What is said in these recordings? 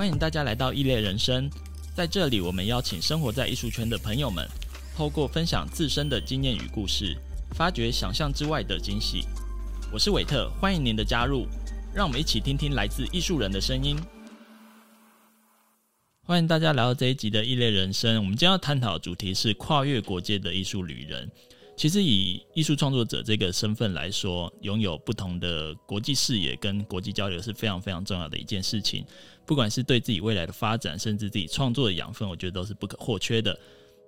歡迎大家來到異類人生，在這裡，我們邀請生活在藝術圈的朋友們，透過分享自身的經驗與故事，發掘想象之外的驚喜。我是韋特，歡迎您的加入，讓我們一起聽聽來自藝術人的聲音。歡迎大家來到這一集的異類人生，我們將要探討的主題是跨越國界的藝術旅人。其實，以藝術創作者這個身份來說，擁有不同的國際視野跟國際交流是非常非常重要的一件事情。不管是對自己未來的發展，甚至自己創作的養分，我覺得都是不可或缺的。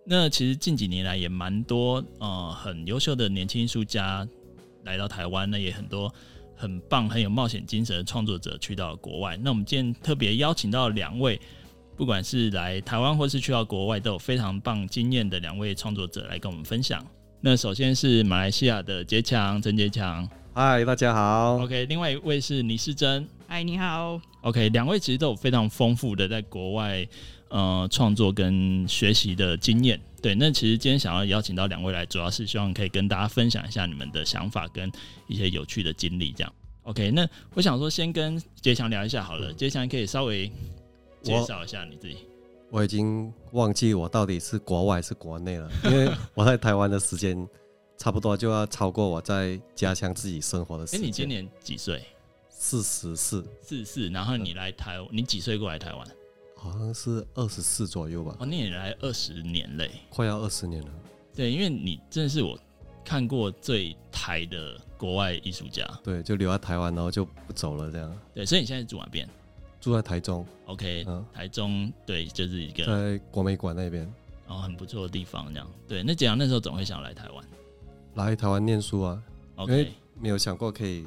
那其實近幾年來也蠻多呃很優秀的年輕藝術家來到台灣，那也很多很棒、很有冒險精神的創作者去到了國外。那我們今天特別邀請到兩位，不管是來台灣或是去到國外都有非常棒經驗的兩位創作者來跟我們分享。那首先是馬來西亞的傑強，陳傑強。嗨，大家好，OK。另外一位是倪士珍。嗨，你好，OK。兩位其實都有非常豐富的在國外，呃，創作跟學習的經驗。對，那其實今天想要邀請到兩位來，主要是希望可以跟大家分享一下你們的想法跟一些有趣的經歷，這樣 OK。那我想說，先跟傑強聊一下好了，傑強，可以稍微介紹一下你自己？我已經忘記我到底是國外還是國內了，因為我在台灣的時間差不多就要超過我在家鄉自己生活的時間。誒、 欸，你今年幾歲？四十四，四十四。然後你來台、嗯，你幾歲過來台灣？好像是二十四左右吧。哦，那你也來二十年了，快要二十年了。對，因為你真的是我看過最台的國外藝術家。對，就留在台灣，然後就不走了這樣。對，所以你現在住哪邊？住在台中，OK，台中、嗯、對，就是一個在國美館那邊，然、哦、後很不錯的地方，這樣對。那傑強那時候總會想來台灣，來台灣念書啊，o、okay, k 沒有想過可以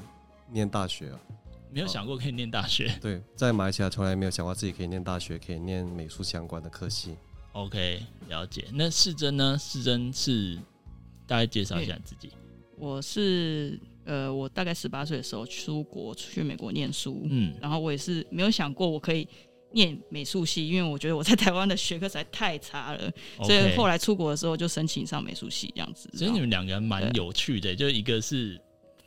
念大學、啊、沒有想過可以念大學。哦、對，在馬來西亞從來沒有想過自己可以念大學，可以念美術相關的科系。OK，了解。那士珍呢？士珍是大概介紹一下自己，hey, 我是。呃，我大概十八歲的時候出國，去美國念書。嗯，然後我也是沒有想過我可以念美術系，因為我覺得我在台灣的學科實在太差了，okay, 所以後來出國的時候就申請上美術系這樣子。所以你們兩個人蠻有趣的，就一個是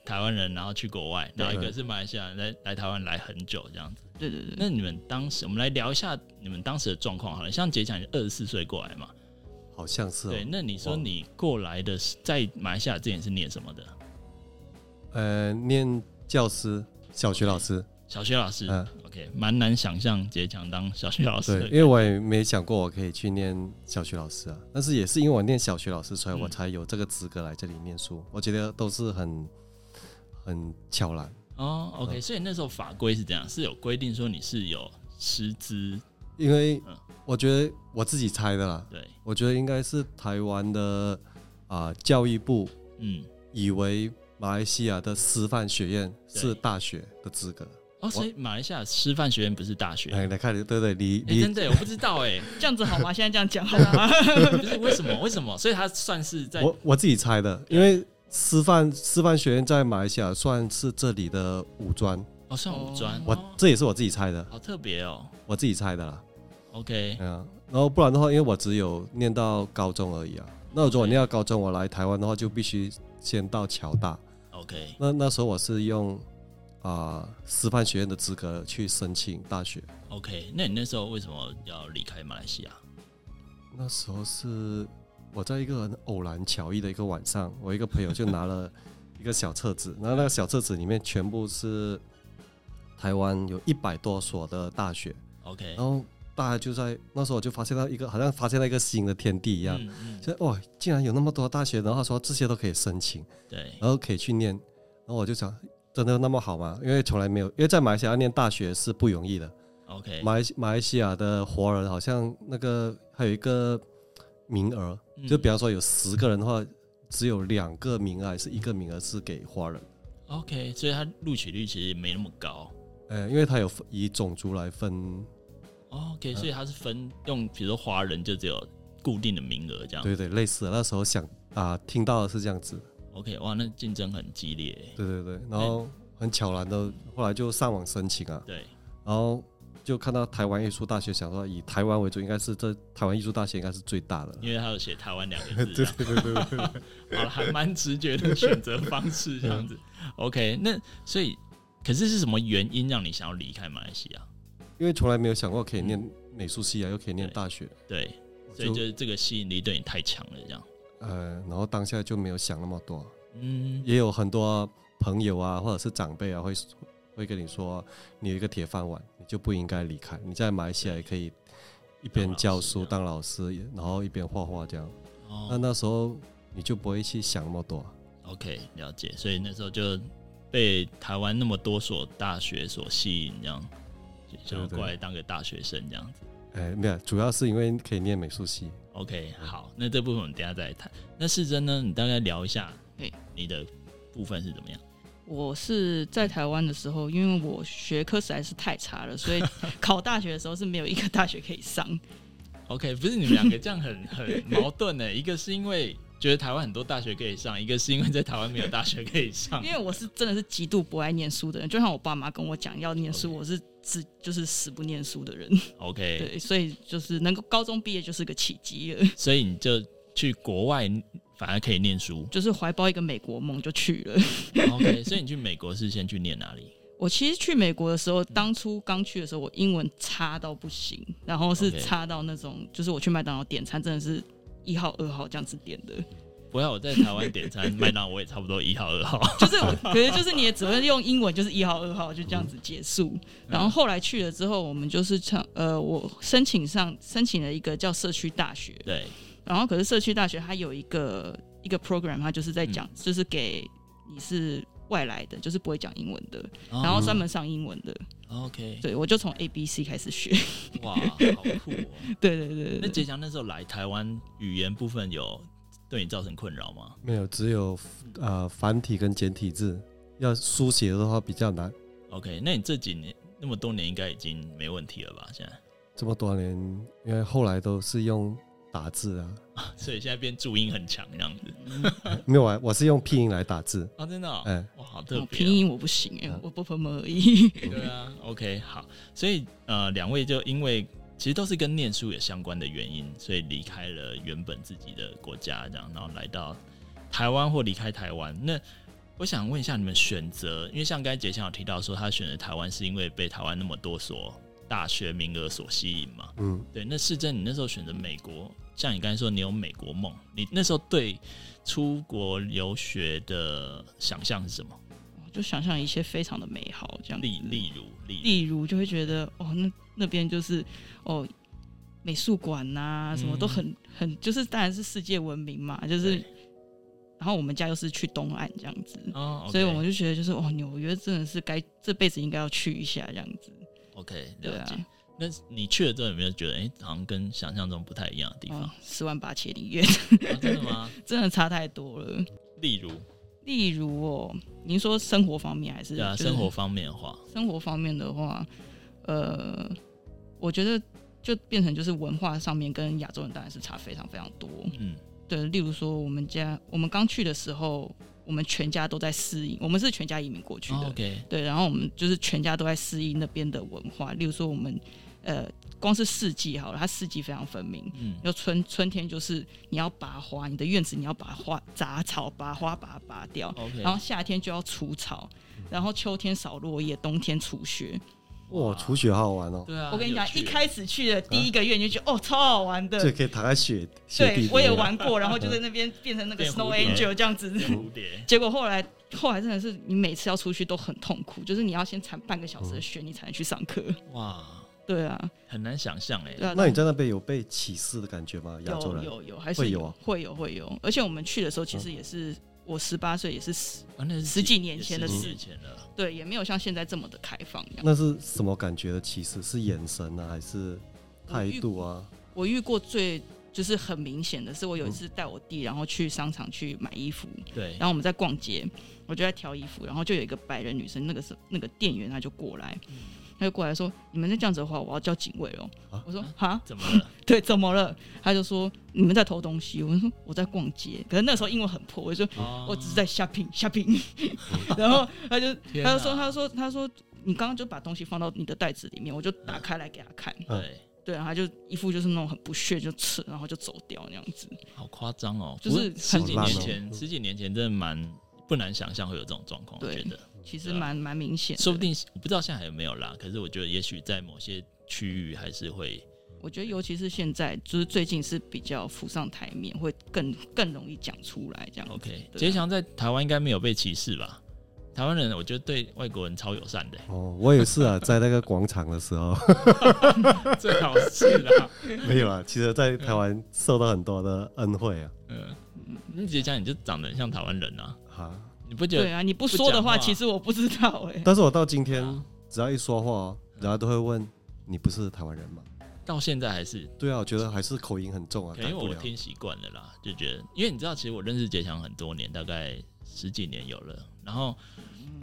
台灣人，然後去國外，然後一個是馬來西亞人來來台灣來很久這樣子。對對對。那你們當時，我們來聊一下你們當時的狀況好了。像杰強，你二十四歲過來嘛？好像是哦。對。那你說你過來的是在馬來西亞之前是念什麼的？呃，念教師，小學老師，okay, 小學老師，嗯，OK，蠻難想象傑強當小學老師，因為我也沒想過我可以去念小學老師啊，但是也是因為我念小學老師，所以我才有這個資格來這裡念書。嗯、我覺得都是很很巧了哦，OK，、嗯、所以那時候法規是怎樣，是有規定說你是有師資，因為我覺得我自己猜的啦，對，我覺得應該是台灣的啊、呃、教育部，嗯，以為。馬來西亞的師範學院是大學的資格哦，所以馬來西亞師範學院不是大學。哎，來看你，對，對對，你你真的我不知道哎、欸， 這樣子好嗎？現在這樣講、啊、好嗎？ 是為什麼？為什麼？所以他算是在我我自己猜的，因為師範、yeah. 師範學院在馬來西亞算是這裡的五專哦，算五專、哦，我這也是我自己猜的，哦、好特別哦，我自己猜的。啦。OK，嗯、啊，然後不然的話，因為我只有念到高中而已啊。那我如果念到高中，okay. 我來台灣的話，就必須先到僑大。OK，那那時候我是用啊、呃、師範學院的資格去申請大學。OK，那你那時候為什麼要離開馬來西亞？那時候是我在一個很偶然巧遇的一個晚上，我一個朋友就拿了一個小冊子， 然後那個小冊子裡面全部是台灣有一百多所的大學。OK，然後。大家就在那時候，我就發現到一個，好像發現了一個新的天地一樣。就、嗯、哇、嗯哦，竟然有那麼多大學，然後說這些都可以申請，對，然後可以去念。然後我就想，真的那麼好嗎？因為從來沒有，因為在馬來西亞念大學是不容易的。OK，馬來馬來西亞的華人好像那個還有一個名額，嗯嗯，就比方說有十個人的話，只有兩個名額，還是一個名額是給華人。OK，所以他錄取率其實沒那麼高、欸。呃，因為他有以種族來分。哦 OK，所以他是分用，比如說華人就只有固定的名額這樣。對對，類似的，那時候想啊，呃，聽到的是這樣子。OK，哇，那競爭很激烈。對對對，然後很悄然的，欸，後來就上網申請啊。對，然後就看到台灣藝術大學，想說以台灣為主，應該是這台灣藝術大學應該是最大的，因為他有寫台灣兩個字。 對，對，對對對， 好了，還蠻直覺的選擇方式這樣子。嗯、OK，那所以可是是什麼原因讓你想要離開馬來西亞？因為從來沒有想過可以念美術系啊，嗯、又可以念大學，對，對，所以就是這個吸引力對你太強了，這樣。呃，然後當下就沒有想那麼多、啊，嗯，也有很多、啊、朋友啊，或者是長輩啊，會會跟你說，你有一個鐵飯碗，你就不應該離開，你在馬來西亞也可以一邊教書當老，當老師，然後一邊畫畫這樣。那、哦、那時候你就不會去想那麼多，啊哦、OK，了解。所以那時候就被台灣那麼多所大學所吸引，這樣。就是、過來當個大學生這樣子，哎、欸，沒有，主要是因為可以念美術系。OK，好，那這部分我們等一下再談。那士珍呢，你大概聊一下，哎，你的部分是怎麼樣？我是在台灣的時候，因為我學科實在是太差了，所以考大學的時候是沒有一個大學可以上。 OK，不是你們兩個這樣很 很矛盾呢？一個是因為覺得台灣很多大學可以上，一個是因為在台灣沒有大學可以上。 因為我是真的是極度不愛念書的人，就像我爸媽跟我講要念書，okay. 我是。是就是死不念書的人，OK，對，所以就是能夠高中畢業就是個奇蹟了 所以你就去國外反而可以念書，就是懷抱一個美國夢就去了。OK， 所以你去美國是先去念哪裡？我其實去美國的時候，當初剛去的時候，我英文差到不行，然後是差到那種，okay. 就是我去麥當勞點餐，真的是一號二號這樣子點的。不要我在台灣點餐，麥當勞我也差不多一號、二號。就是可是，就是你也只會用英文，就是一號、二號就這樣子結束，嗯。然後後來去了之後，我們就是唱，嗯、呃，我申請上申請了一個叫社區大學，對，然後可是社區大學它有一個一個 program，它就是在講，嗯，就是給你是外來的，就是不會講英文的，嗯，然後專門上英文的。嗯，OK，對我就從 A B C 開始學。哇，好酷哦！ 對對對對。那杰強那時候來台灣語言部分有對你造成困擾嗎？沒有，只有呃繁體跟簡體字要書寫的話比較難。OK，那你這幾年那麼多年應該已經沒問題了吧？現在這麼多年，因為後來都是用打字啊， 所以現在變注音很強這樣子。 哎、沒有啊，我是用拼音來打字啊，真的、哦。哎，我好特別、哦。我拼音我不行哎、欸，我不分母音。 對啊 ，OK，好。所以呃，兩位就因為。其實都是跟唸書有相關的原因，所以離開了原本自己的國家，這樣，然後來到台灣或離開台灣。那我想問一下，你們選擇，因為像剛才傑強有提到說，他選擇台灣是因為被台灣那麼多所大學名額所吸引嘛？嗯，對。那士珍你那時候選擇美國，像你剛才說你有美國夢，你那時候對出國留學的想象是什麼？就想象一切非常的美好，這樣。例例如例如，例如就會覺得哦，那那邊就是哦，美術館吶，什麼都很、嗯、很，就是當然是世界聞名嘛，就是。然後我們家又是去東岸這樣子，哦 okay、所以我們就覺得就是哦，紐約真的是該這輩子應該要去一下這樣子。OK，了解。對啊、那你去了之後有沒有覺得哎、欸，好像跟想象中不太一樣的地方？哦、十萬八千里遠、 啊？真的嗎？真的差太多了。例如。例如哦，您說生活方面還是？生活方面的話。生活方面的話，呃，我覺得就變成就是文化上面跟亞洲人當然是差非常非常多。嗯，對，例如說我們家我們剛去的時候，我們全家都在適應，我們是全家移民過去的。哦，okay。對，然後我們就是全家都在適應那邊的文化，例如說我們呃。光是四季好了，它四季非常分明。嗯，就春春天就是你要拔花，你的院子你要把花雜草拔花把它拔掉、okay。然後夏天就要除草，然後秋天掃落葉，冬天除雪。哇，哇除雪好，好玩哦、喔。對啊。我跟你講，一開始去的第一個月你就覺得、啊、哦超好玩的，對，可以開雪，雪、啊。對，我也玩過，然後就在那邊變成那個 Snow Angel 這樣子。蝴蝶， 蝴，蝶樣子 蝴蝶。結果後來，後來真的是你每次要出去都很痛苦，就是你要先鏟半個小時的雪，嗯、你才能去上課。哇。對啊，很難想象哎、欸啊。那你在那邊有被歧視的感覺嗎？亞洲人有有，有，還是有會有、啊、會有會有。而且我們去的時候，其實也是我十八歲，也是十、啊、是幾十幾年前的事情了。對，也沒有像現在這麼的開放，嗯的開放。那是什麼感覺的歧視？是眼神呢、啊，還是態度啊？我遇過，我遇過最就是很明顯的是，我有一次帶我弟、嗯，然後去商場去買衣服，對，然後我們在逛街，我就在挑衣服，然後就有一個白人女生，那個是那個店員，她就過來。嗯他就過來說：“你們在這樣子的話，我要叫警衛哦、啊。我說：“哈，怎麼了？ 對，怎麼了？”他就說：“你們在偷東西。”我說：“我在逛街。”可是那時候英文很破，我就說、啊：“我只是在 shopping shopping。 ”然後他就、 啊、他就說：“他說他說你剛剛就把東西放到你的袋子裡面，我就打開來給他看。啊”對對啊，他就一副就是那種很不屑，就吃然後就走掉那樣子。好誇張哦！就是很十幾年前、哦，十幾年前真的蠻不難想象會有這種狀況。我覺得。其實蠻蠻、啊、明顯，說不定我不知道現在還有沒有啦。可是我覺得，也許在某些區域還是會。我覺得，尤其是現在，就是最近是比較浮上台面，會更更容易講出來。這樣 OK，杰強、啊、在台灣應該沒有被歧視吧？台灣人我覺得對外國人超友善的、欸。哦，我也是啊，在那個廣場的時候， 最好是啦。 沒有啊，其實，在台灣受到很多的恩惠啊。嗯，你杰強你就長得很像台灣人啊。啊。你不覺得？對啊，你不說的話，話其實我不知道哎、欸。但是我到今天，只要一說話，人家都會問，你不是台灣人嗎？到現在還是？對啊，我覺得還是口音很重啊，因為我聽習慣了啦，就覺得。因為你知道，其實我認識傑強很多年，大概十幾年有了。然後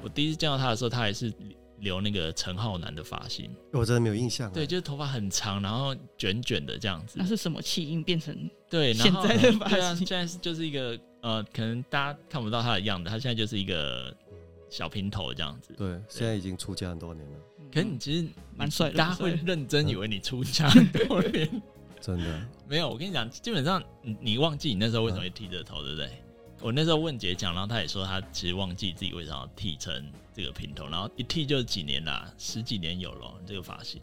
我第一次見到他的時候，他還是留那個陳浩南的髮型。我真的沒有印象、欸。對，就是頭髮很長，然後捲捲的這樣子。那是什麼氣音變成對現在的髮型對對、啊？現在是就是一個。呃，可能大家看不到他的樣子，他現在就是一個小平頭這樣子。對，對現在已經出家很多年了。可是你其實蠻帥、嗯，大家會認真以為你出家很多年。嗯、真的 沒有，我跟你講，基本上你忘記你那時候為什麼會剃這個頭、嗯，對不對？我那時候問杰強，然後他也說他其實忘記自己為什麼要剃成這個平頭，然後一剃就是幾年了，十幾年有了、喔、這個髮型，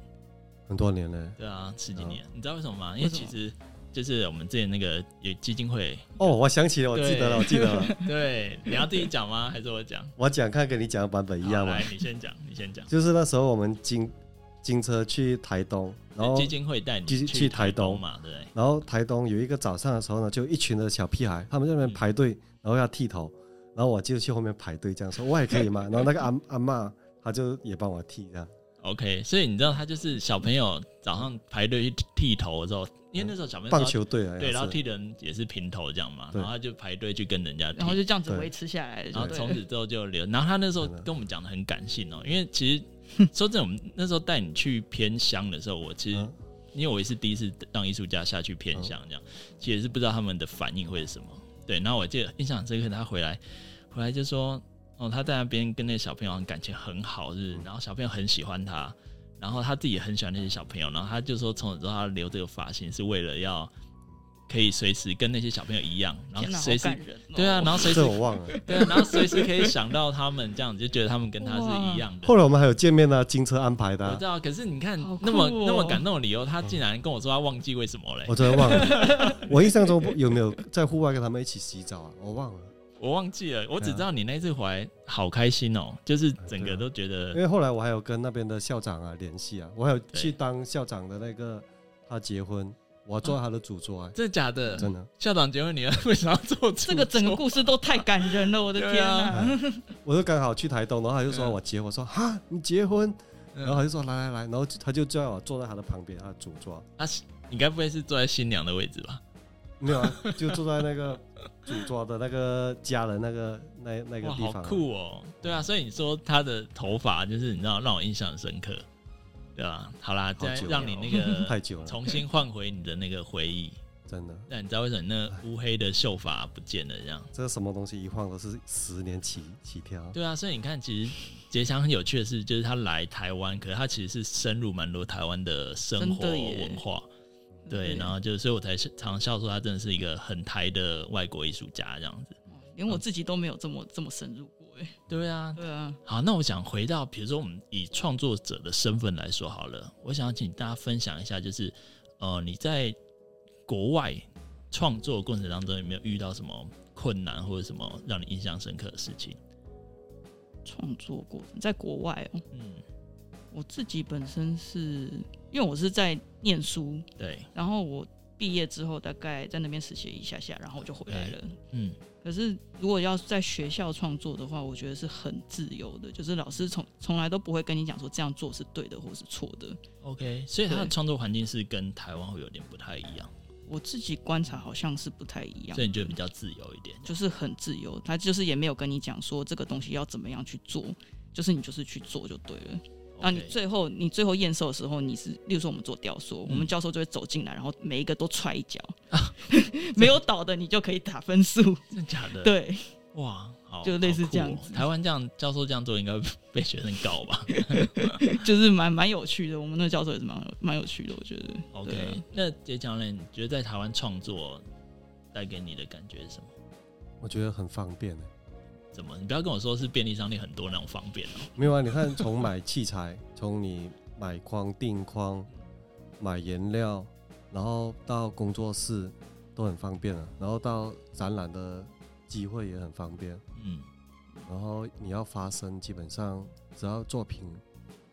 很多年了。對啊，十幾年、嗯。你知道為什麼嗎？為什麼？因為其實。就是我們之前那個有基金會哦，我想起了，我記得了，我記得了。得了 對，你要自己講嗎？還是我講？ 我講，看跟你講的版本一樣嗎？來，你先講，你先講。就是那時候我們經經車去台東，然後基，基金會帶你去台，去台東嘛，對。然後台東有一個早上的時候呢，就一群的小屁孩，他們在那邊排隊、嗯，然後要剃頭，然後我就去後面排隊，這樣說我也可以嘛。然後那個阿 阿嬤，他就也幫我剃一下。OK，所以你知道他就是小朋友早上排隊去剃頭的時候，因為那時候小朋友、嗯、棒球隊、啊、對，然後剃的人也是平頭這樣嘛，然後他就排隊去跟人家，然後就這樣子維持下來，然後從此之後就留。然後他那時候跟我們講的很感性哦、喔，因為其實 說真的，我們那時候帶你去偏鄉的時候，我其實、嗯、因為我也是第一次讓藝術家下去偏鄉這樣、嗯，其實是不知道他們的反應會是什麼。對，然後我記得印象最深刻他回來，回來就說。哦、然後他在那邊跟那些小朋友感情很好，就是，然後小朋友很喜歡他，然後他自己也很喜歡那些小朋友，然後他就說，從此之後他留這個髮型是為了要可以隨時跟那些小朋友一樣，然後隨時對啊，然後隨時我忘了，對啊，然後隨時、對啊、然後隨時、對啊、然後隨時、對啊、然後隨時可以、對啊、然後隨時可以想到他們這樣，就覺得他們跟他是一樣的。後來我們還有見面呢、啊，金車安排的、啊，我知道。可是你看、喔、那麼那麼感動的理由，他竟然跟我說他忘記為什麼嘞。我真的忘了。我印象中有沒有在戶外跟他們一起洗澡啊？我忘了。我忘記了，我只知道你那次回來好開心哦、喔，啊，就是整個都覺得。因為後來我還有跟那邊的校長啊聯繫啊，我還有去當校長的那個他結婚，我坐他的主桌，欸啊。這是假的？真的。校長結婚你要為啥要坐主這個？整個故事都太感人了，我的天啊，啊 我就剛好去台東，然後他就說我結婚，我說哈、啊、你結婚，然後他就說來來來，然後他就叫我坐在他的旁邊，他的主桌。啊，你該不會是坐在新娘的位置吧？沒有，啊，就坐在那個。 組的那個家的那個那那個地方，啊，好酷哦！對啊，所以你說他的頭髮，就是你知道讓我印象很深刻，對啊，好啦，再讓你那個太久了，重新換回你的那個回憶，真的。但你知道為什麼那烏黑的秀髮不見了？這樣，這個什麼東西一晃都是十年起起跳。對啊，所以你看，其實傑強很有趣的是，就是他來台灣， 可是他其實是深入蠻多台灣的生活文化。對，然後就所以，我才常笑說他真的是一個很台的外國藝術家這樣子，連我自己都沒有這麼這麼深入過哎。對啊，對啊。好，那我想回到，比如說我們以創作者的身份來說好了，我想要請大家分享一下，就是呃你在國外創作過程當中有沒有遇到什麼困難，或者什麼讓你印象深刻的事情？創作過，你在國外哦、喔，嗯。我自己本身是，因為我是在念書，對，然後我畢業之後大概在那邊實習一下下，然後我就回來了。嗯，可是如果要在學校創作的話，我覺得是很自由的，就是老師從從來都不會跟你講說這樣做是對的或是錯的。OK，所以他的創作環境是跟台灣會有點不太一樣。我自己觀察好像是不太一樣，所以你覺得比較自由一點，就是很自由，他就是也沒有跟你講說這個東西要怎麼樣去做，就是你就是去做就對了。那、啊、你最後、okay. 你最後驗收的時候，你是，例如說我們做雕塑，嗯、我們教授就會走進來，然後每一個都踹一腳，啊、 沒有倒的你就可以打分數、啊。真的假的？對，哇好，就類似這樣子。哦、台灣這樣教授這樣做應該被學生告吧？ 就是蠻蠻有趣的，我們那個教授也是蠻蠻有趣的，我覺得。OK，那杰教練，你覺得在台灣創作帶給你的感覺是什麼？我覺得很方便、欸怎麼？你不要跟我說是便利商店很多那種方便哦？沒有啊，你看從買器材，從 你買框訂框，買顏料，然後到工作室都很方便啊，然後到展覽的機會也很方便。嗯，然後你要發聲，基本上只要作品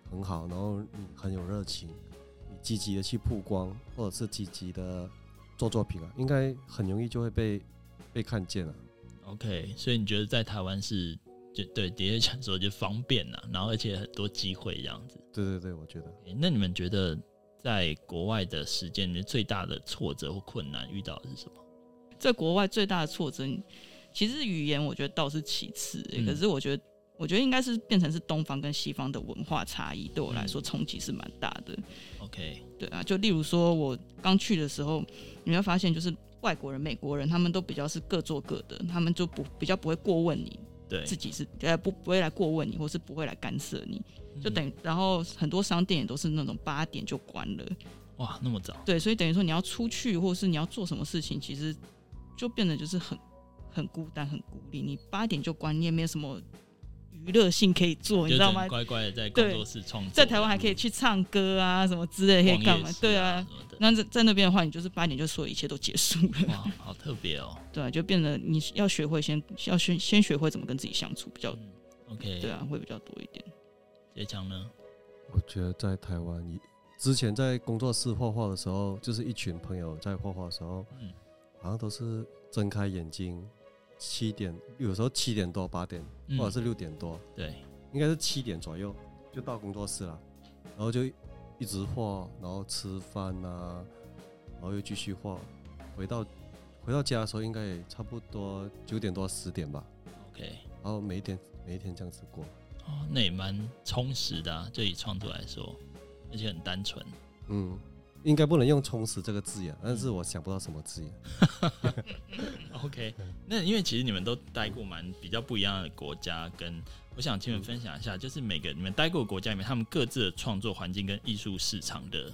很好，然後你很有熱情，你積極的去曝光，或者是積極的做作品啊，應該很容易就會被被看見了。OK，所以你覺得在台灣是就對的確想說就方便了，然後而且很多機會這樣子。對對對，我覺得。欸、那你們覺得在國外的時間裡面，最大的挫折或困難遇到的是什麼？在國外最大的挫折，其實語言我覺得倒是其次，欸嗯，可是我覺得。我覺得應該是變成是東方跟西方的文化差異，對我來說衝擊是蠻大的，嗯。OK，對啊，就例如說，我剛去的時候，你會發現就是外國人，美國人，他們都比較是各做各的，他們就不比較不會過問你，對，自己是呃不不會來過問你，或是不會來干涉你，就等於，嗯，然後很多商店也都是那種八點就關了，哇，那麼早，對，所以等於說你要出去或是你要做什麼事情，其實就變得就是很很孤單，很孤立。你八點就關，你也沒有什麼。娛樂性可以做，你知道嗎？乖乖的在工作室創作，在台灣還可以去唱歌啊，嗯、什麼之類可以幹嘛？對啊，那在在那邊的話，你就是八點就所有一切都結束了。哇，好特別哦！對啊，就變得你要學會先要先先學會怎麼跟自己相處比較、嗯、OK，對啊，會比較多一點。傑強呢，我覺得在台灣，你之前在工作室畫畫的時候，就是一群朋友在畫畫的時候、嗯，好像都是睜開眼睛。七點，有時候七點多八點、嗯，或者是六點多，對，應該是七點左右就到工作室了，然後就一直畫，然後吃飯啊，然後又繼續畫，回到回到家的時候應該也差不多九點多十點吧。OK，然後每一天每一天這樣子過，哦，那也蠻充實的啊，對於創作來說，而且很單純，嗯。應該不能用“充實”這個字眼，但是我想不到什麼字眼 。 OK，那因為其實你們都待過蠻比較不一樣的國家，跟我想請你們分享一下，就是每個你們待過的國家裡面，他們各自的創作環境跟藝術市場的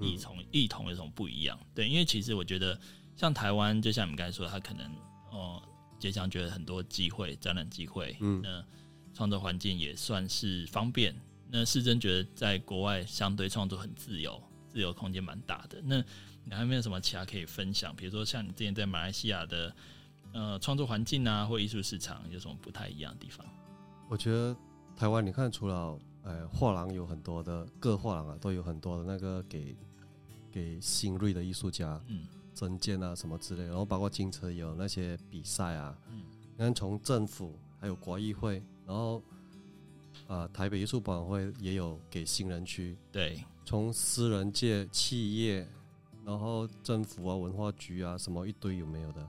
異同，異、嗯、同有什麼不一樣？對，因為其實我覺得，像台灣，就像你們剛才說的，他可能哦，傑強覺得很多機會，展覽機會，嗯，那創作環境也算是方便。那士珍覺得在國外相對創作很自由。自由空間蠻大的。那你還沒有什麼其他可以分享？比如說像你之前在馬來西亞的呃創作環境啊，或藝術市場有什麼不太一樣的地方？我覺得台灣，你看，除了呃畫廊有很多的各畫廊啊，都有很多的那個給給新銳的藝術家嗯增建啊什麼之類，然後包括金車有那些比賽啊，嗯，你看從政府還有國藝會，然後。啊、呃，台北藝術博覽會也有給新人區，對，從私人界、企業，然後政府啊、文化局啊，什麼一堆有沒有的。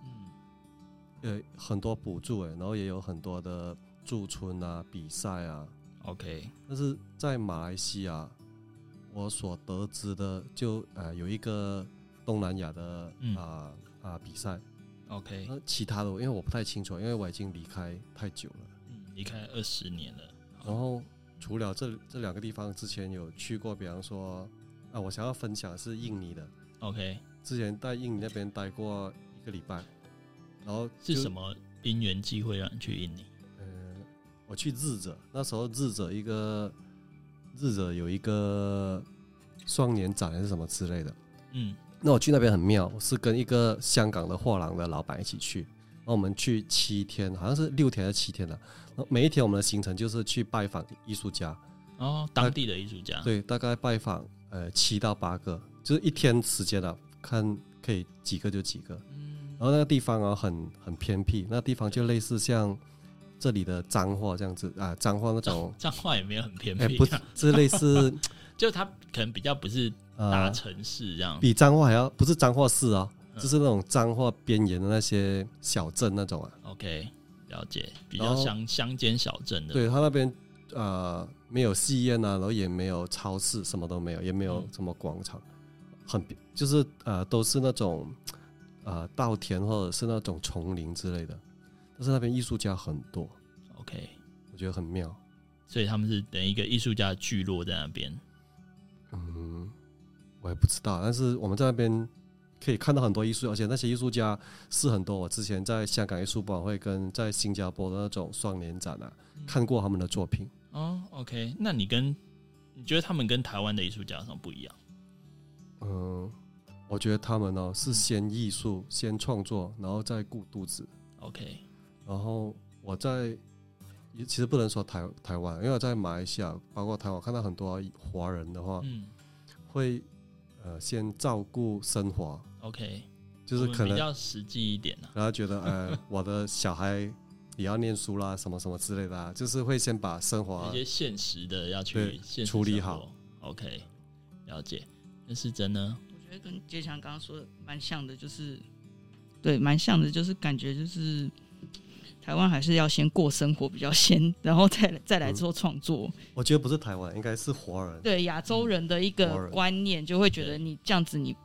嗯，呃，很多補助誒，然後也有很多的駐村啊、比賽啊。OK，但是在馬來西亞，我所得知的就呃有一個東南亞的啊啊、嗯呃呃、比賽。OK，其他的因為我不太清楚，因為我已經離開太久了，嗯、離開二十年了。然後除了這這兩個地方，之前有去過，比方說啊，我想要分享的是印尼的。OK，之前在印尼那邊待過一個禮拜，然後是什麼因緣機會讓你去印尼？呃、嗯，我去日惹，那時候日惹一個日惹有一個雙年展還是什麼之類的。嗯，那我去那邊很妙，我是跟一個香港的畫廊的老板一起去。我們去七天，好像是六天還是七天了、啊。每一天我們的行程就是去拜訪藝術家，哦，當地的藝術家，啊、對，大概拜訪呃七到八個，就是一天時間的、啊、看可以幾個就幾個、嗯。然後那個地方啊，很很偏僻，那地方就類似像這裡的彰化這樣子啊，彰化那種。彰化也沒有很偏僻、啊，這、欸就是、類似， 就它可能比較不是大城市這樣，啊、比彰化還要不是彰化市啊。就是那種髒話邊緣的那些小鎮那種啊，OK，了解，比較鄉鄉間小鎮的，對。對他那邊呃沒有戲院啊，然後也沒有超市，什麼都沒有，也沒有什麼廣場，嗯、很就是呃都是那種呃稻田或者是那種叢林之類的。但是那邊藝術家很多，OK，我覺得很妙，所以他們是等於一個藝術家聚落在那邊。嗯，我也不知道，但是我們在那邊。可以看到很多藝術，而且那些藝術家是很多。我之前在香港藝術博覽會跟在新加坡的那種雙年展啊，嗯、看過他們的作品。哦、oh，OK，那你跟你覺得他們跟台灣的藝術家有什麼不一樣？嗯，我覺得他們呢、哦，是先藝術、嗯、先創作，然後再顧肚子。OK，然後我在其實不能說台台灣，因為我在馬來西亞，包括台灣，看到很多華人的話，嗯，會。呃，先照顧生活，OK，就是可能比較實際一點，啊，然後覺得， 呃，我的小孩也要念書啦，什麼什麼之類的，就是會先把生活一些現實的要去處理好，處理好，OK，了解。那是真的。我覺得跟傑強剛剛說的蠻像的，就是對，蠻像的，就是感覺就是。台灣還是要先過生活比較先，然後再來再來做創作。嗯。我覺得不是台灣，應該是華人對亞洲人的一個觀念，就會覺得你這樣子你、嗯、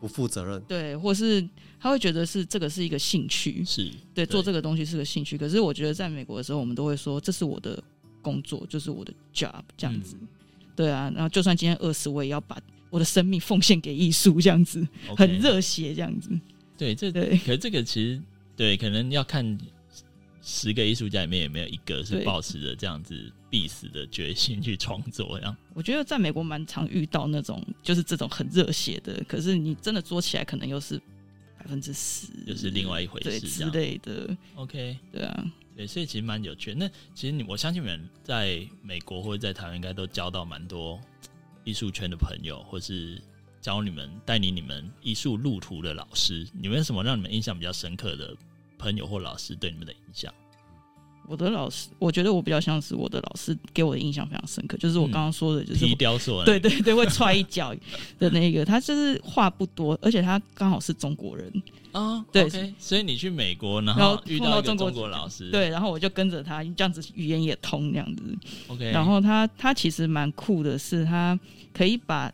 不負責任，對，或是他會覺得是這個是一個興趣，是對，對做這個東西是個興趣。可是我覺得在美國的時候，我們都會說這是我的工作，就是我的 job 這樣子。嗯、對啊，然後就算今天餓死，我也要把我的生命奉獻給藝術，這樣子、okay、很熱血，這樣子。對，這個可這個其實對，可能要看。十個藝術家裡面也沒有一個是抱持著這樣子必死的決心去創作呀。我覺得在美國蠻常遇到那種，就是這種很熱血的，可是你真的做起來可能又是百分之十，就是另外一回事之類的。OK，對啊，對，所以其實蠻有趣。那其實你，我相信你們在美國或者在台灣，應該都交到蠻多藝術圈的朋友，或是教你們、帶你你們藝術路途的老師，你們有什麼讓你們印象比較深刻的？朋友或老師對你們的影響？我的老師，我覺得我比較像是我的老師給我的印象非常深刻，就是我剛剛說的，就是雕塑，對對對， 會踹一腳的那個，他就是話不多，而且他剛好是中國人啊、哦。對，okay, 所以你去美國，然後遇到中，然後碰到中國老師，對，然後我就跟着他，這樣子語言也通，這樣子。OK，然後他他其實蠻酷的，是他可以把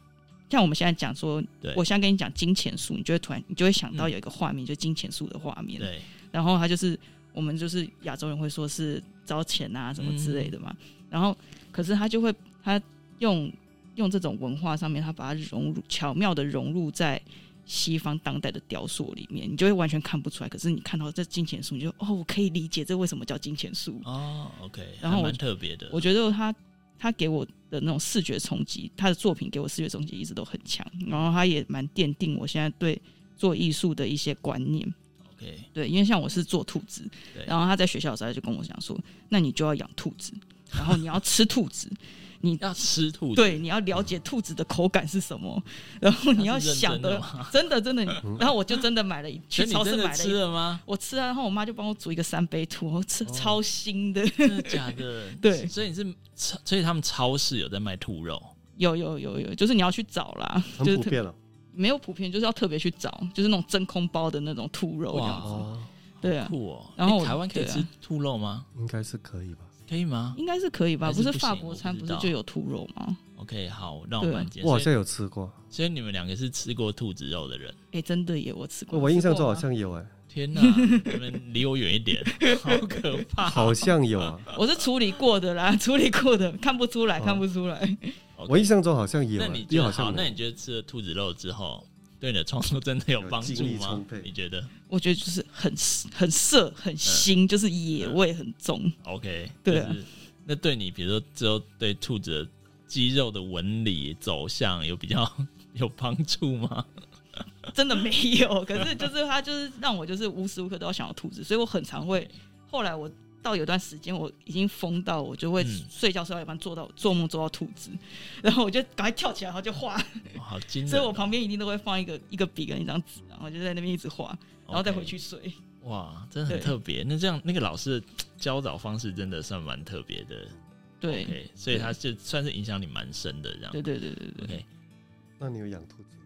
像我們現在講說，我現在跟你講金錢樹，你就會突然你就會想到有一個畫面、嗯，就金錢樹的畫面，對。然後他就是，我們就是亞洲人會說是招錢啊什麼之類的嘛。嗯、然後，可是他就會他用用這種文化上面，他把它融入巧妙地融入在西方當代的雕塑裡面，你就會完全看不出來。可是你看到這金錢樹，你就哦，我可以理解這為什麼叫金錢樹。哦，OK。然後蠻特別的，我覺得他他給我的那種視覺衝擊，他的作品給我視覺衝擊一直都很強。然後他也蠻奠定我現在對做藝術的一些觀念。Okay. 對，因為像我是做兔子對，然後他在學校的時候就跟我講說，那你就要養兔子，然後你要吃兔子， 你要吃兔子，對，你要了解兔子的口感是什麼，嗯、然後你要想的，真的真的，真的，然後我就真的買了 去超市買了。你吃了嗎？我吃啊，然後我媽就幫我煮一個三杯兔，超、哦、超新的。真的假的？ 對，所以你是，所以他們超市有在賣兔肉，有有有有，就是你要去找啦，哦、就是普遍了。沒有普遍，就是要特別去找，就是那種真空包的那種兔肉啊。對啊，兔哦、喔，然後、欸、台灣可以吃兔肉嗎？應該是可以吧？可以嗎？應該是可以吧不？不是法國餐不知道不是就有兔肉嗎？OK，好，讓我問一好像有吃過，所以，所以你們兩個是吃過兔子肉的人。哎、欸，真的耶，我吃過，我印象中好像有哎、啊。天哪、啊，你們離我遠一點， 好可怕、喔。 好像有啊， 我是處理過的啦，處理過的，看不出來，哦、看不出來。Okay, 我印象中好像也，那你就好，像好？那你覺得吃了兔子肉之後，對你的創作真的有幫助嗎？你覺得？我覺得就是很很澀、很腥、嗯，就是野味很重。OK，對啊。就是、那對你，比如說之後對兔子肌肉的紋理走向有比較有幫助嗎？真的沒有。可是就是他就是讓我就是無時無刻都要想到兔子，所以我很常會後來我。到有段時間，我已經瘋到我就會、嗯、睡覺時候，一般做到做夢做到兔子，然後我就趕快跳起來，然後就畫。哇，好驚人哦。所以我旁邊一定都會放一個一個筆跟一張紙，然後就在那邊一直畫，okay. 然後再回去睡。哇，真的很特別。那這樣，那個老師的教導方式真的算蠻特別的。對，okay, 所以他就算是影響你蠻深的這樣。對對對對對、對、okay。那你有養兔子嗎？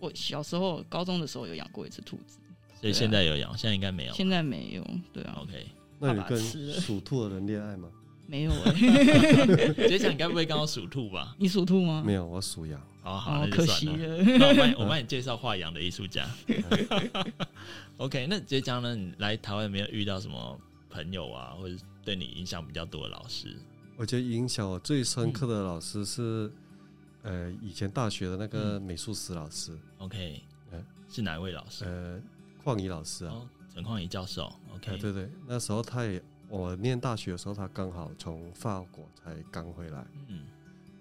我小時候高中的時候有養過一隻兔子。啊，所以現在有養，現在應該沒有。現在沒有，對啊。O K。那你跟屬兔的人戀愛嗎？他他 沒有。傑強，你該不會剛好屬兔吧？你屬兔嗎？沒有，我屬羊。Oh, 好好，可惜那了。那我幫， 我幫你介紹畫羊的藝術家。OK，, okay 那傑強呢？你來台灣有沒有遇到什麼朋友啊，或者對你影響比較多的老師？我覺得影響我最深刻的老師是、嗯，呃，以前大學的那個美術史老師、嗯。OK，呃，是哪位老師？呃，曠怡老師啊。哦陳貺怡教授，OK，啊，對對，那時候他也，我念大學的時候，他剛好從法國才剛回來，嗯，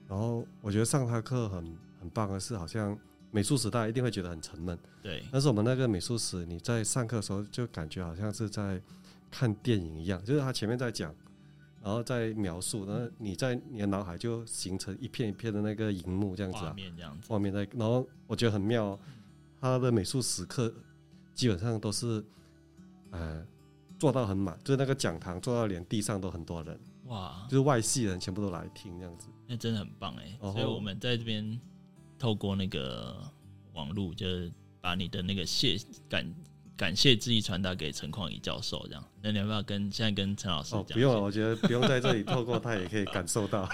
然後我覺得上他課很很棒，是好像美術史大家一定會覺得很沉悶，對，但是我們那個美術史，你在上課的時候就感覺好像是在看電影一樣，就是他前面在講，然後在描述，那你在你的腦海就形成一片一片的那個熒幕這樣子啊，畫面這樣子，畫面在，然後我覺得很妙，他的美術史課基本上都是。坐、嗯、到很滿，就是那個講堂坐到連地上都很多人，哇！就是外系人全部都來聽這樣子，那真的很棒哎、欸哦。所以我們在這邊透過那個網絡，就是把你的那個謝感感謝之意傳達給陳貺怡教授這樣。那你要不要跟現在跟陳老師講、哦？不用了，我覺得不用在這裡透過他也可以感受到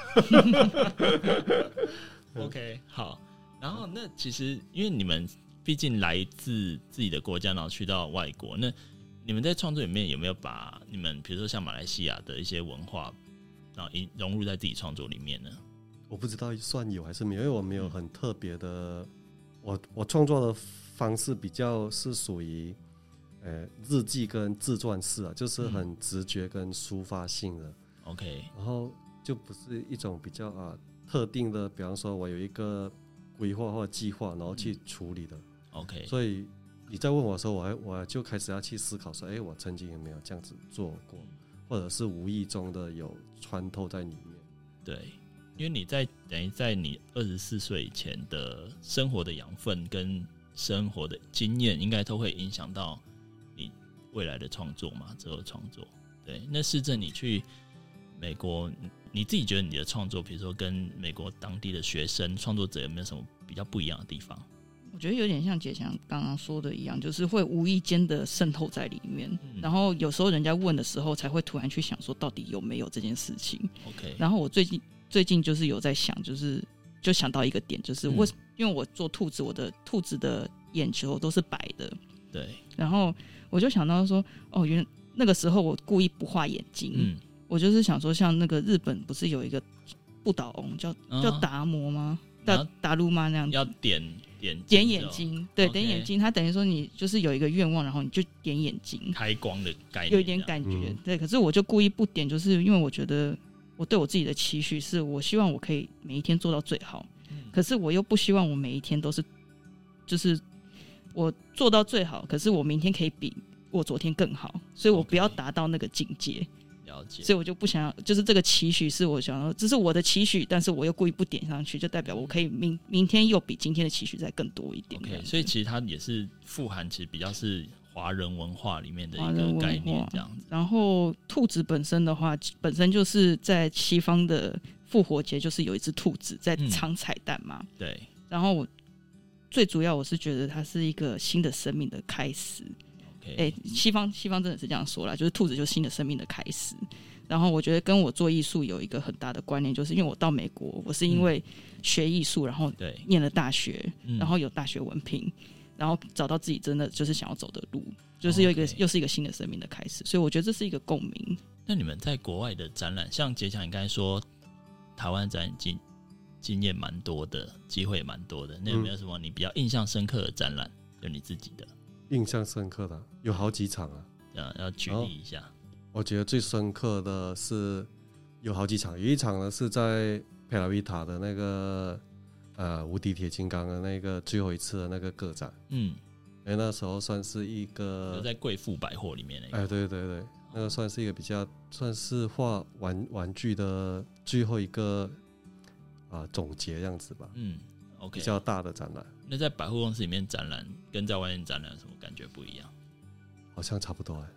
。 OK，好。然後那其實因為你們畢竟來自自己的國家，然後去到外國，那。你們在創作裡面有沒有把你們，比如說像馬來西亞的一些文化，然後融入在自己創作裡面呢？我不知道算有還是沒有，因為我沒有很特別的。嗯、我我創作的方式比較是屬於，呃、欸，日記跟自傳式啊，就是很直覺跟抒發性的。OK，、嗯、然後就不是一種比較啊特定的，比方說我有一個規劃或計劃，然後去處理的。嗯、OK，所以。你在問我的時候，我還我還就開始要去思考說，哎、欸，我曾經有沒有這樣子做過，或者是無意中的有穿透在裡面。對，因為你在等於在你二十四歲以前的生活的養分跟生活的經驗，應該都會影響到你未來的創作嘛，之後創作。對，那士珍你去美國，你自己覺得你的創作，比如說跟美國當地的學生創作者有沒有什麼比較不一樣的地方？我覺得有點像傑強剛剛說的一樣，就是會無意間的滲透在裡面，嗯，然後有時候人家問的時候，才會突然去想說到底有沒有這件事情。OK。然後我最近最近就是有在想，就是就想到一個點，就是為什麼，嗯，因為我做兔子，我的兔子的眼球都是白的，對。然後我就想到說，哦，原那個時候我故意不畫眼睛，嗯，我就是想說，像那個日本不是有一個不倒翁叫，啊，叫達摩嗎？達達魯馬那樣子，要點。眼點眼睛，對，Okay. 點眼睛，他等於說，你就是有一個願望，然後你就點眼睛，開光的感覺，有一點感覺、嗯，對。可是我就故意不點，就是因為我覺得我對我自己的期許是，我希望我可以每一天做到最好，嗯、可是我又不希望我每一天都是，就是我做到最好，可是我明天可以比我昨天更好，所以我不要達到那個境界。Okay. 了解，所以我就不想要。就是這個期許是我想要，這是我的期許，但是我又故意不點上去，就代表我可以明明天又比今天的期許再更多一點。OK，所以其實它也是富含，其實比較是華人文化裡面的一個概念這樣子。然後，兔子本身的話，本身就是在西方的復活節，就是有一隻兔子在藏彩蛋嘛、嗯。對。然後，最主要我是覺得它是一個新的生命的開始。哎、okay，欸，西方西方真的是這樣說啦，就是兔子就是新的生命的開始。然後我覺得跟我做藝術有一個很大的觀念，就是因為我到美國，我是因為學藝術、嗯，對，然後念了大學，然後有大學文憑、嗯，然後找到自己真的就是想要走的路，就是又一個 okay, 又是一個新的生命的開始。所以我覺得這是一個共鳴。那你們在國外的展覽，像杰強應該說台灣展經經驗蠻多的，機會也蠻多的。那有沒有什麼你比較印象深刻的展覽？就你自己的？印象深刻的有好幾場啊，要、啊、要舉例一下、哦。我覺得最深刻的是有好幾場，有一場呢是在 Bellavita 的那個呃無敵鐵金剛的那個最後一次的那個個展，嗯，因、欸、為那時候算是一個在貴婦百貨裡面那個，哎、欸、對對對，那個算是一個比較算是畫玩玩具的最後一個啊、呃、總結樣子吧，嗯，OK，比較大的展覽。那在百貨公司裡面展覽，跟在外面展覽什麼感覺不一樣？好像差不多哎、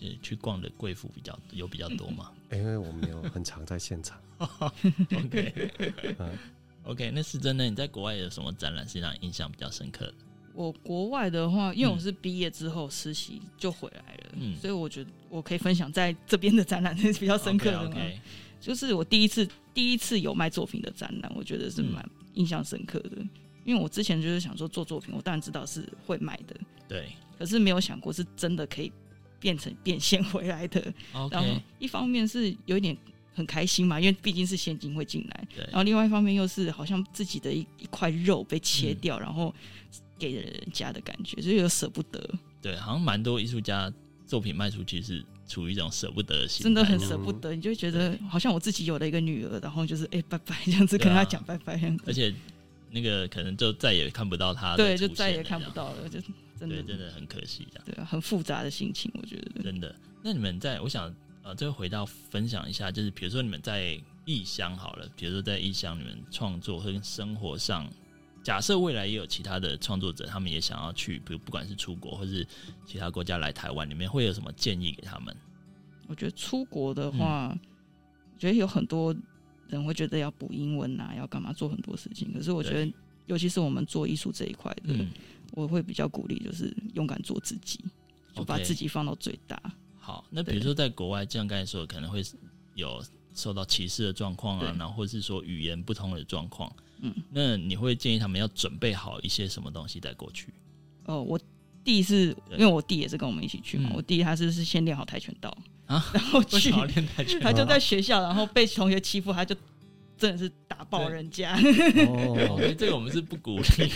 欸欸。去逛的貴婦比較有比較多嘛。 因為我沒有很常在現場。 oh, OK，OK，okay. Okay, okay, 那是真的。你在國外，有什麼展覽，讓你印象比較深刻的？我國外的話，因為我是畢業之後實習、嗯、就回來了、嗯，所以我覺得我可以分享在這邊的展覽是比較深刻的 okay, OK，就是我第一次第一次有賣作品的展覽，我覺得是蠻印象深刻的。嗯因為我之前就是想說做作品，我當然知道是會賣的，對，可是沒有想過是真的可以變成變現回來的。Okay、然後一方面是有點很開心嘛，因為畢竟是現金會進來，然後另外一方面又是好像自己的一一塊肉被切掉，嗯、然後給了人家的感覺，所以又舍不得。對，好像蠻多藝術家作品賣出去是出於一種舍不得的心，真的很舍不得，你就覺得好像我自己有了一個女兒，然後就是哎、欸、拜拜這樣子跟他講拜拜，啊、這樣子而且。那個可能就再也看不到他的，對，就再也看不到了，就真的真的很可惜，這樣對啊，很複雜的心情，我覺得。真的，那你們在我想呃，再、啊、回到分享一下，就是比如說你們在異鄉好了，比如說在異鄉，你們創作跟生活上，假設未來也有其他的創作者，他們也想要去，比如不管是出國或是其他國家來台灣，你們會有什麼建議給他們？我覺得出國的話，嗯、我覺得有很多。人會覺得要補英文啊，要幹嘛做很多事情。可是我覺得，尤其是我們做藝術這一塊的、嗯，我會比較鼓勵，就是勇敢做自己，就把自己放到最大。Okay、好，那比如說在國外，像剛才說可能會有受到歧視的狀況啊，然後或者是說語言不通的狀況。嗯，那你會建議他們要準備好一些什麼東西帶過去？哦，我。弟是因為我弟也是跟我們一起去嘛，我弟他是是先練好跆拳道，然後去，他就在學校，然後被同學欺負，他就。真的是打爆人家哦！所、oh, 以 這個我們是不鼓勵。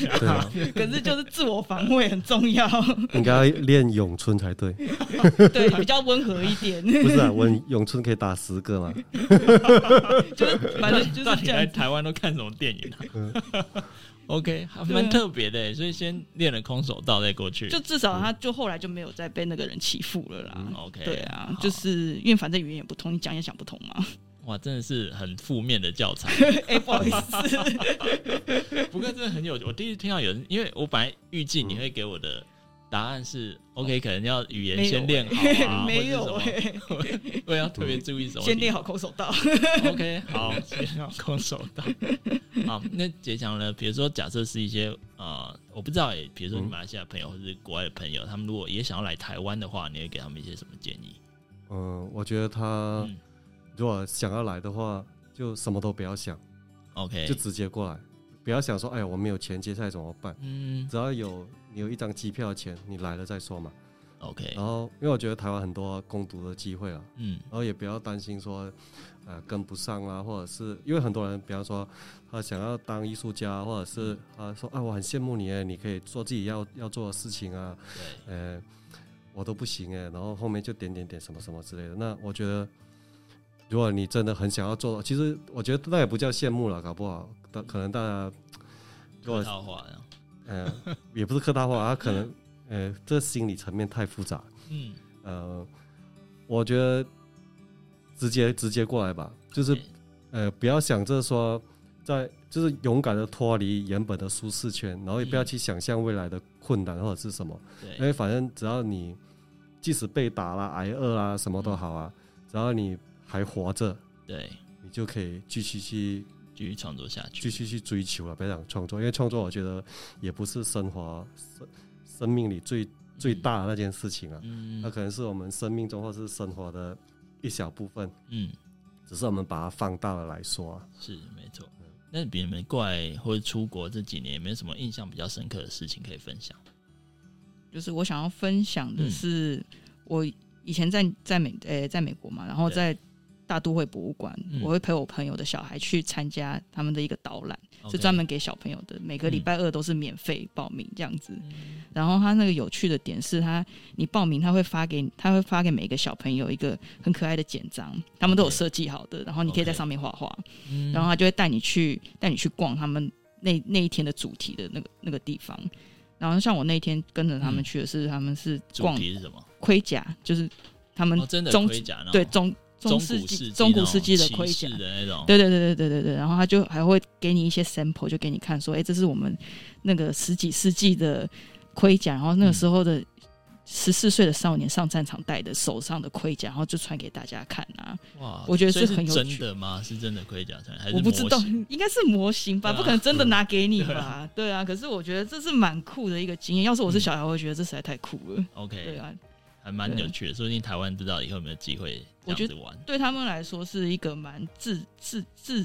可是就是自我防衛很重要。 應該練詠春才對， 對，比較溫和一點。 不是啊，我詠春可以打十個嘛 ？就是反正就是。到底來台灣都看什麼電影啊、 嗯、？OK，還蠻特別的。所以先練了空手道，再過去。就至少他就後來就沒有再被那個人欺負了啦、嗯。OK，對啊，就是因為反正語言也不通，你講也講不通嘛。哇，真的是很負面的教材。 哎、欸，不好意思。 不過真的很有，我第一次聽到有人，因為我本來預計你會給我的答案是、嗯、OK，、哦、可能要語言先練好、啊，沒有、欸。對 沒有、欸、 我要特別注意什麼先練好空手道。 OK，好，先練好空手道。 好，那杰強呢？比如說，假設是一些啊、呃，我不知道誒、欸，比如說你馬來西亞朋友或者是國外的朋友、嗯，他們如果也想要來台灣的話，你會給他們一些什麼建議？呃，我覺得他、嗯。如果想要來的話，就什麼都不要想，OK，就直接過來，不要想說哎呀我沒有錢接下來怎麼辦，嗯，只要有你有一張機票的錢，你來了再說嘛，OK。然後因為我覺得台灣很多工讀的機會啊，嗯，然後也不要擔心說，呃跟不上啊，或者是因為很多人，比方說他想要當藝術家，或者是、嗯、他說啊我很羨慕你，你可以做自己要要做的事情啊，對，呃、我都不行誒，然後後面就點點點什麼什麼之類的，那我覺得。如果你真的很想要做，其實我覺得那也不叫羨慕了，搞不好，可能大家客套話，嗯、呃，也不是客套話，他、 啊、可能，yeah. 呃，這心理層面太複雜，嗯，呃，我覺得直接直接過來吧，就是，okay. 呃，不要想着說在，在就是勇敢的脫離原本的舒適圈，然後也不要去想象未來的困難或者是什麼，嗯、因為反正只要你即使被打啦、挨餓啊，什麼都好啊，嗯、只要你。還活着，對，你就可以繼續去繼續創作下去，繼續去追求了。別想創作，因為創作我覺得也不是生活生生命裡最、嗯、最大的那件事情啊。嗯，那可能是我們生命中或是生活的一小部分。嗯，只是我們把它放大了來說、啊。是，沒錯、嗯。那你們過來或者出國這幾年，有沒有什麼印象比較深刻的事情可以分享？就是我想要分享的是，嗯、我以前在在美呃、欸、在美國嘛，然後在。大都會博物館、嗯，我會陪我朋友的小孩去參加他們的一個導覽、嗯，是專門給小朋友的。每個禮拜二都是免費報名這樣子。嗯、然後他那個有趣的點是他，他你報名他會發給你他會發給每個小朋友一個很可愛的簡章，他們都有設計好的。Okay，然後你可以在上面畫畫。Okay，然後他就會帶你去帶你去逛他們那那一天的主題的那個那個地方。然後像我那一天跟着他們去的是，嗯、他們是逛主題是什麼？盔甲，就是他們中、哦、真的盔甲對中。對中中世紀中古世紀的盔甲，對對對對對對對，然後他就還會給你一些 sample，就給你看說，哎、欸，這是我們那個十幾世紀的盔甲，然後那個時候的十四歲的少年上戰場戴的手上的盔甲，然後就穿給大家看啊。哇，我覺得這是很有趣。是真的嗎？是真的盔甲穿還是我不知道，應該是模型吧，不可能真的拿給你吧？嗯、對啊，對啊，對啊，可是我覺得這是蠻酷的一個經驗、嗯。要是我是小孩，我會覺得這實在太酷了。OK，對啊。還蠻有趣的，說不定台灣知道以後有沒有機會，我覺得玩對他們來說是一個蠻自自自，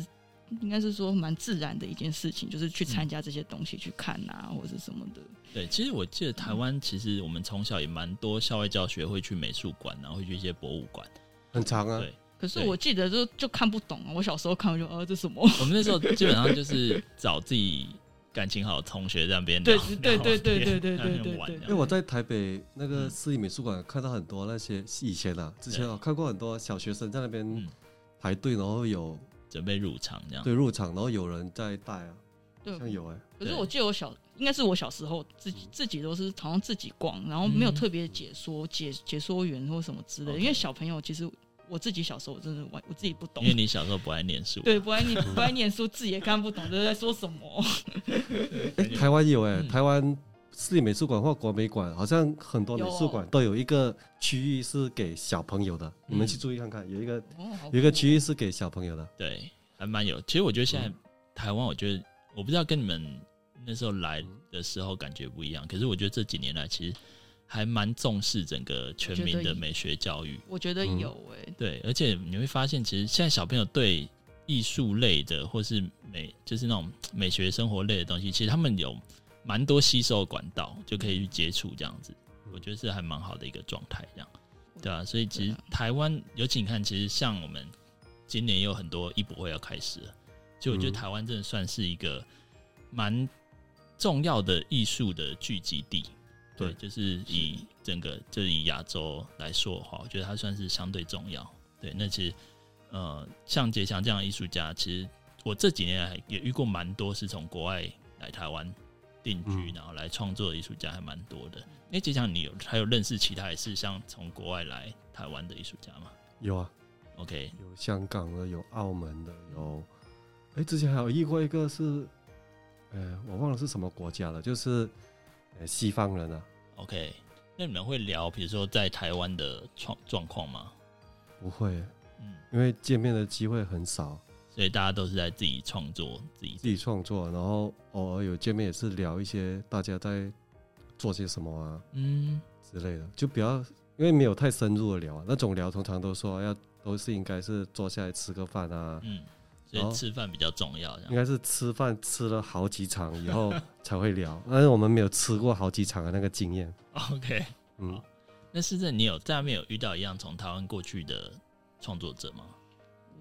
應該是說蠻自然的一件事情，就是去參加這些東西去看啊，嗯、或者什麼的。對，其實我記得台灣，其實我們從小也蠻多校外教學會去美術館，然後會去一些博物館，很長啊對。對，可是我記得就就看不懂、啊，我小時候看我就呃、啊，這什麼？我們那時候基本上就是找自己。感情好，同學在那邊對對對對對對對對，對，對，對，對，對，對聊聊。因為我在台北那個市立美術館看到很多那些以前的、啊，之前我、啊、看過很多小學生在那邊排隊，然後有準備入場這樣。對，入場，然後有人在帶啊，像有哎、欸。啊欸、可是我記得我小，應該是我小時候自己自己都是常常自己逛，然後沒有特別解說解解說員或什麼之類的，因為小朋友其實。我自己小時候，我真的我我自己不懂，因為你小時候不愛唸書， 對，不愛唸不愛唸書，字也看不懂，這、就是在說什麼、 欸？台灣有哎、欸，嗯、台灣市立美術館或國美館，好像很多美術館都有一個區域是給小朋友的，哦、你們去注意看看，嗯、有一個有一個區域是給小朋友的、嗯，對，還蠻有。其實我覺得現在台灣，我覺得我不知道跟你們那時候來的時候感覺不一樣，可是我覺得這幾年來，其實。還蠻重視整個全民的美學教育我，我覺得有誒、欸。對，而且你會發現，其實現在小朋友對藝術類的，或是美，就是那種美學生活類的東西，其實他們有蠻多吸收管道，就可以去接觸這樣子。我覺得是還蠻好的一個狀態，這樣對啊。所以其實台灣，尤其你看，其實像我們今年也有很多藝博會要開始了，所以我覺得台灣真的算是一個蠻重要的藝術的聚集地。對，對，就是以整個是就是以亞洲來說的話，我覺得它算是相對重要。對，那其實呃，像傑強這樣的藝術家，其實我這幾年來也遇過蠻多，是從國外來台灣定居，嗯，然後來創作的藝術家還蠻多的。哎，杰強，你有還有認識其他也是像從國外來台灣的藝術家嗎？有啊，OK，有香港的，有澳門的，有，哎，之前還有遇過一個是，呃，我忘了是什麼國家了，就是。西方人呢？啊，OK，那你們會聊，比如說在台灣的狀狀況嗎不會、嗯，因為見面的機會很少，所以大家都是在自己創作，自己自己創作，然後偶爾有見面也是聊一些大家在做些什麼啊，嗯之類的，就不要因為沒有太深入的聊啊，那種聊通常都說要都是應該是坐下來吃個飯啊，嗯。對，吃飯比較重要、哦，應該是吃飯吃了好幾場以後才會聊， 但是我們沒有吃過好幾場的那個經驗、哦。OK，嗯，那士珍你有在那邊有遇到一樣從台灣過去的創作者嗎？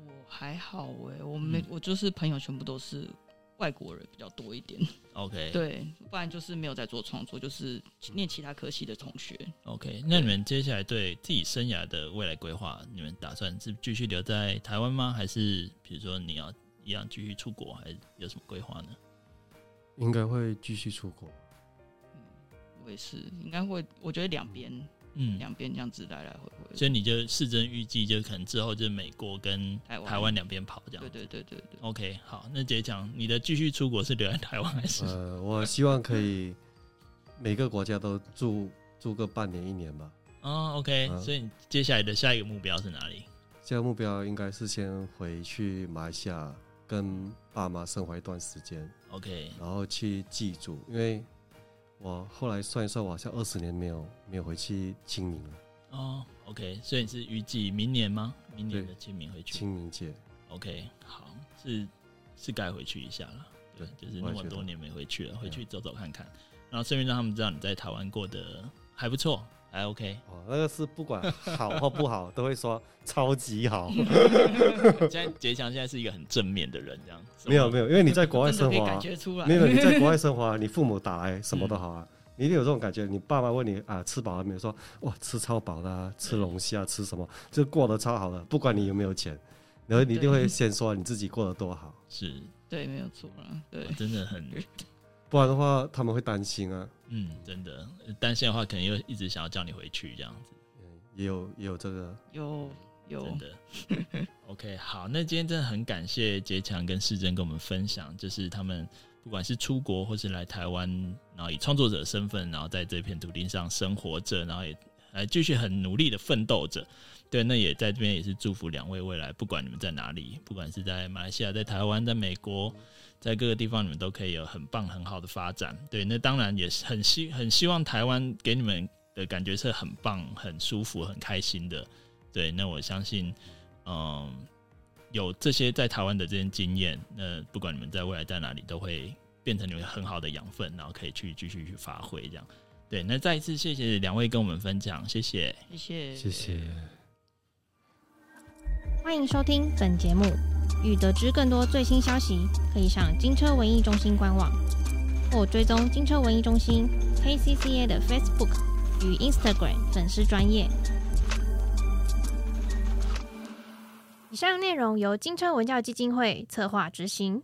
我還好誒、欸，我沒，我就是朋友全部都是。嗯外國人比較多一點，OK，對，不然就是沒有在做創作，就是念其他科系的同學，OK。那你們接下來對自己生涯的未來規劃，你們打算是繼續留在台灣嗎？還是比如說你要一樣繼續出國，還是有什麼規劃呢？應該會繼續出國。嗯，我也是，應該會，我覺得兩邊。嗯嗯，兩邊這樣子來來回回，所以你就事真預計就可能之後就是美國跟台灣兩邊跑這樣。對，對對對對對。OK，好，那傑強，你的繼續出國是留在台灣還是？呃，我希望可以每個國家都住住個半年一年吧。哦，OK，啊。所以你接下來的下一個目標是哪裡？下一個目標應該是先回去馬來西亞跟爸媽生活一段時間。OK。然後去記住，因為，我後來算一算，我好像二十年沒有沒有回去清明了。哦、oh，OK，所以你是預計明年嗎？明年的清明回去。清明節，OK，好，是是該回去一下了。對，就是那麼多年沒回去了，去了回去走走看看，okay. 然後順便讓他們知道你在台灣過得還不錯。還、uh, OK，哦，那個是不管好或不好， 都會說超級好。 現在杰強現在是一個很正面的人，這樣。沒有沒有，因為你在國外生活、啊， 沒有你在國外生活、啊， 你父母打來什麼都好啊，你一定有這種感覺。你爸媽問你啊吃飽了沒有，說哇吃超飽的、啊，吃龍蝦、啊、吃什麼，就過得超好的，不管你有沒有錢，然後你一定會先說你自己過得多好。是，對，沒有錯啊，對、哦，真的很。 不然的話，他們會擔心啊。嗯，真的擔心的話，可能又一直想要叫你回去這樣子。也有也有這個、啊，有有真的。 OK，好，那今天真的很感謝傑強跟士珍跟我們分享，就是他們不管是出國或是來台灣，然後以創作者身份，然後在這片土地上生活着，然後也繼續很努力的奮鬥着。對，那也在這邊也是祝福兩位未來，不管你們在哪裡，不管是在馬來西亞、在台灣、在美國。在各個地方，你們都可以有很棒、很好的發展。對，那當然也是很希很希望台灣給你們的感覺是很棒、很舒服、很開心的。對，那我相信，嗯，有這些在台灣的這些經驗，那不管你們在未來在哪裡，都會變成你們很好的養分，然後可以去繼續去發揮。這樣，對，那再一次謝謝兩位跟我們分享，謝謝，謝謝，謝謝。歡迎收聽本節目。欲得知更多最新消息，可以上金車文藝中心官網，或追蹤金車文藝中心 （KCCA） 的 Facebook 與 Instagram 粉絲專頁。以上內容由金車文教基金會策劃執行。